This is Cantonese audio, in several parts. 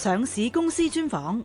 上市公司專訪。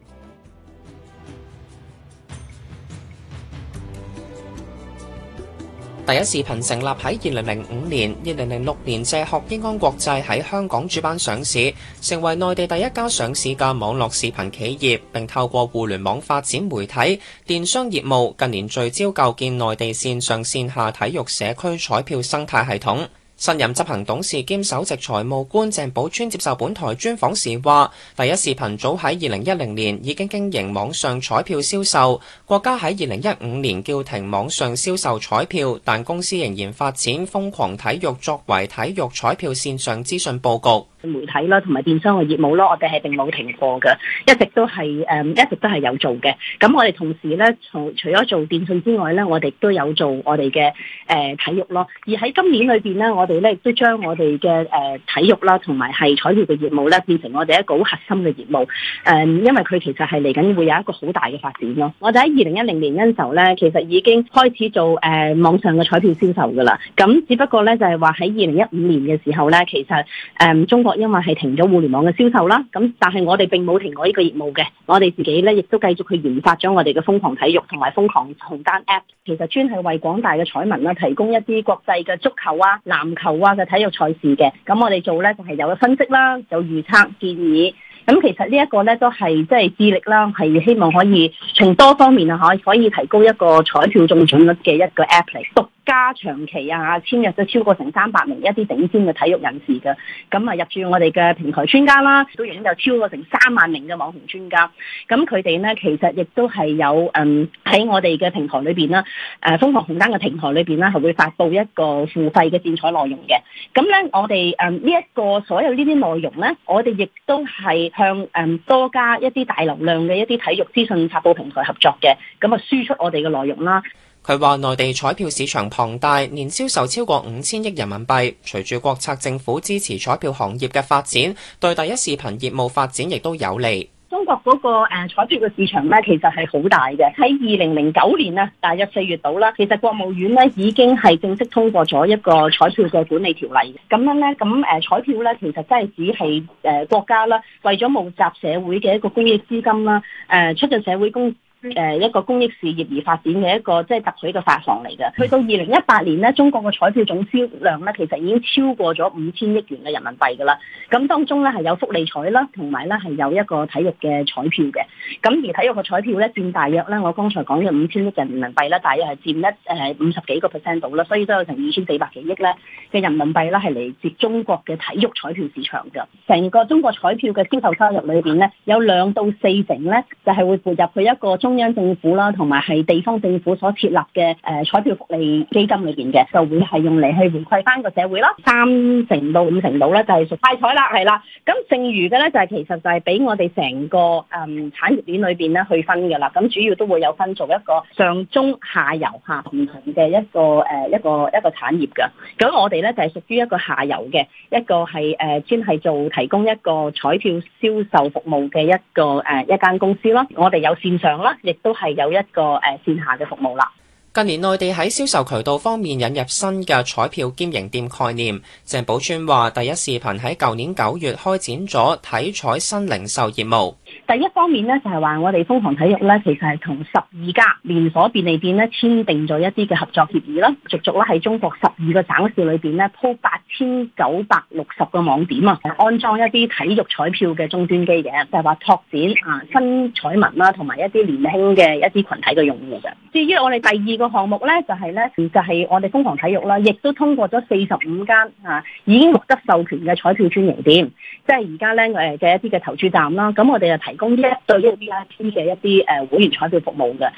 第一視頻成立喺二零零五年、二零零六年，借殼益安國際喺香港主板上市，成為內地第一家上市嘅網絡視頻企業。並透過互聯網發展媒體電商業務，近年聚焦構建內地線上線下體育社區彩票生態系統。新任執行董事兼首席財務官鄭寶川接受本台專訪時話：第一視頻早喺二零一零年已經經營網上彩票銷售，國家喺二零一五年叫停網上銷售彩票，但公司仍然發展瘋狂體育作為體育彩票線上資訊佈局。媒體啦，同埋電商嘅業務咯，我哋係並冇停過嘅，一直都係誒、嗯，一直都係有做嘅。咁我哋同時咧，除除咗做電信之外咧，我哋都有做我哋嘅誒體育咯。而喺今年裏邊咧，我哋咧亦都將我哋嘅誒體育啦，同埋係彩票嘅業務咧，變成我哋一個好核心嘅業務。誒、嗯，因為佢其實係嚟緊會有一個好大嘅發展咯。我哋喺二零一零年嘅時候咧，其實已經開始做誒、呃、網上嘅彩票銷售噶啦。咁只不過咧，就係話喺二零一五年嘅時候咧，其實誒、嗯、中國。因為係停咗互聯網嘅銷售啦，咁但係我哋並冇停過呢個業務嘅，我哋自己咧亦都繼續去研發咗我哋嘅瘋狂體育同埋瘋狂紅單 app，其實專係為廣大嘅彩民啦提供一啲國際嘅足球啊、籃球啊嘅體育賽事嘅，咁我哋做咧就係、是、有分析啦，有預測建議，咁其實呢一個咧都係即係致力啦，係希望可以從多方面啊可可以提高一個彩票中獎率嘅一個 app 嚟。加長期啊，簽約咗超過成三百名一啲頂尖嘅體育人士嘅，咁啊入住我哋嘅平台專家啦，都已經有超過成三萬名嘅網紅專家。咁佢哋呢，其實亦都係有嗯喺我哋嘅平台裏面啦，誒、啊、瘋狂紅單嘅平台裏面啦，係會發布一個付費嘅競彩內容嘅。咁呢，我哋誒呢一個所有呢啲內容呢，我哋亦都係向誒、嗯、多家一啲大流量嘅一啲體育資訊發布平台合作嘅，咁啊輸出我哋嘅內容啦。佢話：內地彩票市場龐大，年銷售超過五千億人民幣。隨住國策政府支持彩票行業嘅發展，對第一視頻業務發展亦都有利。中國嗰、那個、啊、彩票嘅市場呢，其實係好大嘅。喺二零零九年呢，大約四月度啦，其實國務院呢已經係正式通過咗一個彩票嘅管理條例。咁樣呢，咁、啊、誒彩票呢，其實真係只係誒、呃、國家啦，為咗募集社會嘅一個公益資金啦，誒、呃、出咗社會公。誒一個公益事業而發展嘅一個即係、就是、特許嘅發行嚟嘅。去到二零一八年呢，中國嘅彩票總銷量呢，其實已經超過咗五千億元嘅人民幣㗎啦。咁當中呢，係有福利彩啦，同埋呢係有一個體育嘅彩票嘅。咁而體育嘅彩票呢，佔大約呢，我剛才講嘅五千億人民幣呢，大約係佔一誒五十幾個 percent 度啦。所以都有成二千四百幾億呢嘅人民幣呢，係嚟自中國嘅體育彩票市場㗎。成個中國彩票嘅銷售收入裏邊呢，有兩到四成呢，就係會撥入去一個中。中央政府啦，同埋係地方政府所設立嘅誒、呃、彩票福利基金裏邊嘅，就會係用嚟去回饋翻個社會咯。三成到五成度咧，就係屬快彩啦，係啦。咁剩餘嘅咧，就係其實就係俾我哋成個誒、嗯、產業鏈裏邊咧去分噶啦。咁主要都會有分做一個上中下游吓唔同嘅一個誒、呃、一個一個一個產業噶。咁我哋咧就係屬於一個下游嘅一個係誒，專、呃、係做提供一個彩票銷售服務嘅一個誒、呃、一間公司咯。我哋有線上啦。亦都係有一個誒線下嘅服務啦。近年內地喺銷售渠道方面引入新嘅彩票兼營店概念。鄭寶川話：第一視頻喺舊年九月開展咗體彩新零售業務。第一方面咧，就係話我哋瘋狂體育咧，其實係同十二家連鎖便利店咧簽訂咗一啲嘅合作協議啦，逐逐啦喺中國十二個省市裏邊咧鋪八千九百六十個網點啊，安裝一啲體育彩票嘅終端機嘅，就係話拓展啊新彩民啦，同埋一啲年輕嘅一啲群體嘅用戶嘅。至於我哋第二個項目咧、就係，就係咧就係我哋瘋狂體育啦，亦都通過咗四十五間啊已經獲得授權嘅彩票專營店，即係而家咧誒嘅一啲嘅投注站啦，咁我哋就提供。供一對 VIP 一 VIP 嘅一啲誒會員彩票服務嘅，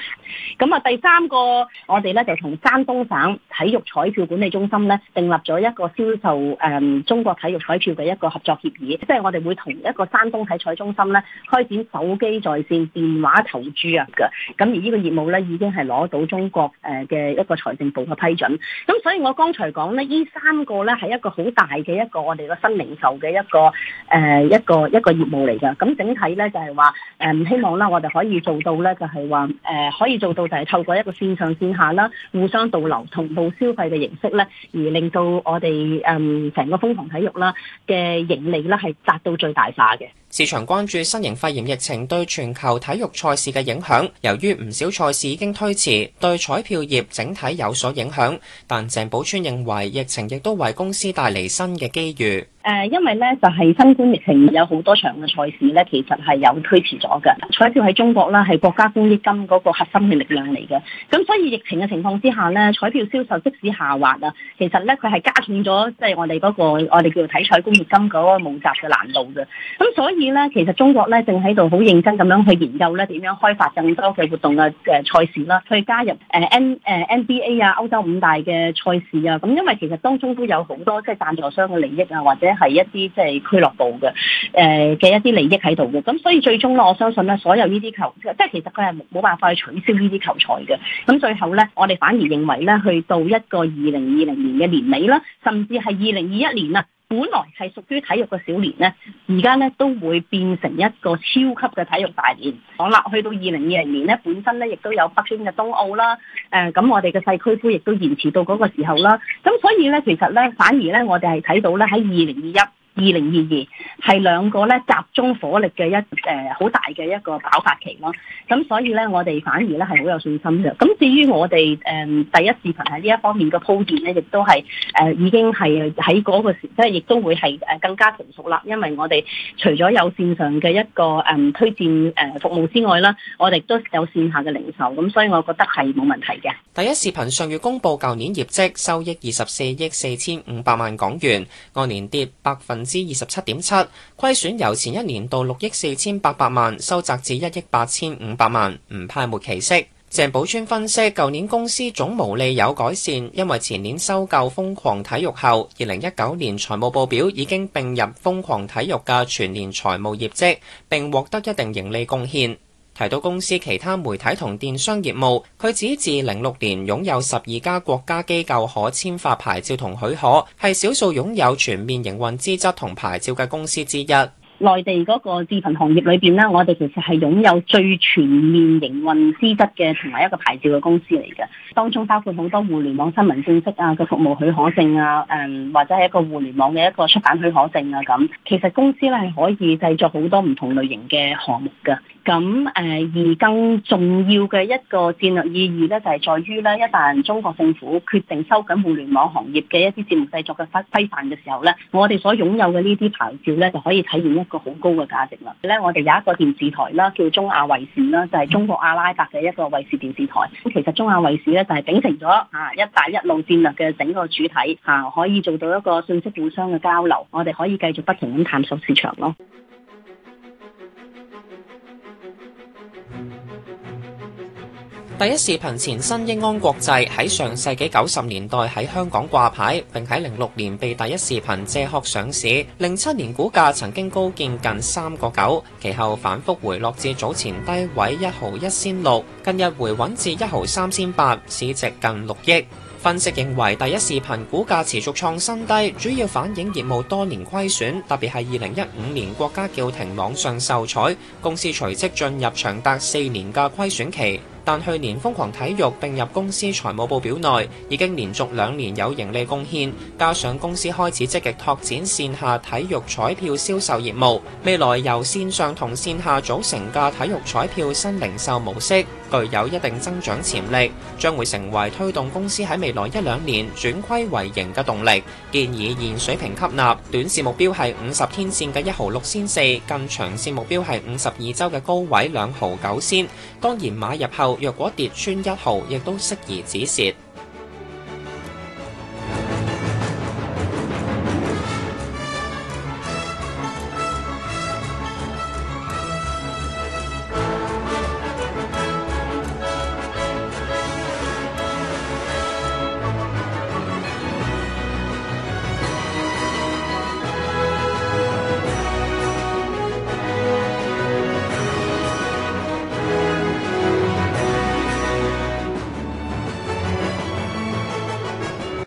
咁啊第三個我哋咧就同山東省體育彩票管理中心咧訂立咗一個銷售誒中國體育彩票嘅一個合作協議，即、就、係、是、我哋會同一個山東體彩中心咧開展手機在線、電話投注啊嘅，咁而呢個業務咧已經係攞到中國誒嘅一個財政部嘅批准，咁所以我剛才講咧呢呢三個咧係一個好大嘅一個我哋個新零售嘅一個誒、呃、一個一個業務嚟嘅，咁整體咧就。係話誒，希望啦，我哋可以做到咧，就係話誒，可以做到就係透過一個線上線下啦，互相導流、同步消費嘅形式咧，而令到我哋誒成個瘋狂體育啦嘅盈利咧係達到最大化嘅。市場關注新型肺炎疫情對全球體育賽事嘅影響，由於唔少賽事已經推遲，對彩票業整體有所影響。但鄭寶川認為，疫情亦都為公司帶嚟新嘅機遇。誒，因為呢，就係新冠疫情有好多場嘅賽事呢其實係有推遲咗嘅。彩票喺中國啦，係國家公益金嗰個核心嘅力量嚟嘅，咁所以疫情嘅情況之下呢彩票銷售即使下滑啊，其實呢，佢係加重咗即係我哋嗰個我哋叫做體彩公益金嗰個募集嘅難度嘅。咁所以其實中國咧，正喺度好認真咁樣去研究咧，點樣開發更多嘅活動嘅嘅賽事啦，去加入誒、呃、N 誒 NBA 啊，歐洲五大嘅賽事啊，咁、嗯、因為其實當中都有好多即係贊助商嘅利益啊，或者係一啲即係俱樂部嘅誒嘅一啲利益喺度嘅，咁、嗯、所以最終咯，我相信咧，所有呢啲球，即係其實佢係冇辦法去取消呢啲球賽嘅，咁、嗯、最後咧，我哋反而認為咧，去到一個二零二零年嘅年尾啦，甚至係二零二一年啊。本來係屬於體育嘅小年咧，而家咧都會變成一個超級嘅體育大年。講啦，去到二零二零年咧，本身咧亦都有北京嘅冬奧啦，誒、呃，咁我哋嘅世俱杯亦都延遲到嗰個時候啦，咁所以咧，其實咧反而咧，我哋係睇到咧喺二零二一。二零二二係兩個咧集中火力嘅一誒好大嘅一個爆發期咯，咁所以咧我哋反而咧係好有信心嘅。咁至於我哋誒、嗯、第一視頻喺呢一方面嘅鋪墊咧，亦都係誒、呃、已經係喺嗰個時候，即係亦都會係誒更加成熟啦。因為我哋除咗有線上嘅一個誒、嗯、推薦誒服務之外啦，我哋都有線下嘅零售，咁所以我覺得係冇問題嘅。第一視頻上月公佈舊年業績，收益二十四億四千五百萬港元，按年跌百分之二十七點七，虧損由前一年度六億四千八百萬收窄至一億八千五百萬，唔派末期息。鄭寶川分析，舊年公司總毛利有改善，因為前年收購瘋狂體育後，二零一九年財務報表已經並入瘋狂體育嘅全年財務業績，並獲得一定盈利貢獻。提到公司其他媒體同電商業務，佢指自零六年擁有十二家國家機構可簽發牌照同許可，係少數擁有全面營運資質同牌照嘅公司之一。內地嗰個視頻行業裏面，呢我哋其實係擁有最全面營運資質嘅，同埋一個牌照嘅公司嚟嘅。當中包括好多互聯網新聞信息啊嘅服務許可證啊，誒或者係一個互聯網嘅一個出版許可證啊咁。其實公司咧係可以製作好多唔同類型嘅項目噶。咁誒，而更重要嘅一個戰略意義咧，就係在於咧，一旦中國政府決定收緊互聯網行業嘅一啲節目製作嘅規規範嘅時候咧，我哋所擁有嘅呢啲牌照咧，就可以體現一個好高嘅價值啦。咧，我哋有一個電視台啦，叫中阿衛視啦，就係中國阿拉伯嘅一個衛視電視台。咁其實中阿衛視咧，就係秉承咗啊，「一帶一路」戰略嘅整個主體，可以做到一個信息互相嘅交流，我哋可以繼續不停咁探索市場咯。第一視頻前身益安國際喺上世紀九十年代喺香港掛牌，並喺零六年被第一視頻借殼上市。零七年股價曾經高見近三個九，其後反覆回落至早前低位一毫一仙六。近日回穩至一毫三仙八，市值近六億。分析認為，第一視頻股價持續創新低，主要反映業務多年虧損，特別係二零一五年國家叫停網上售彩，公司隨即進入長達四年嘅虧損期。但去年瘋狂體育併入公司財務報表內，已經連續兩年有盈利貢獻，加上公司開始積極拓展線下體育彩票銷售業務，未來由線上同線下組成嘅體育彩票新零售模式。具有一定增長潛力，將會成為推動公司喺未來一兩年轉虧為盈嘅動力。建議現水平吸納，短線目標係五十天線嘅一毫六仙四，更長線目標係五十二週嘅高位兩毫九仙。當然買入後若果跌穿一毫，亦都適宜止蝕。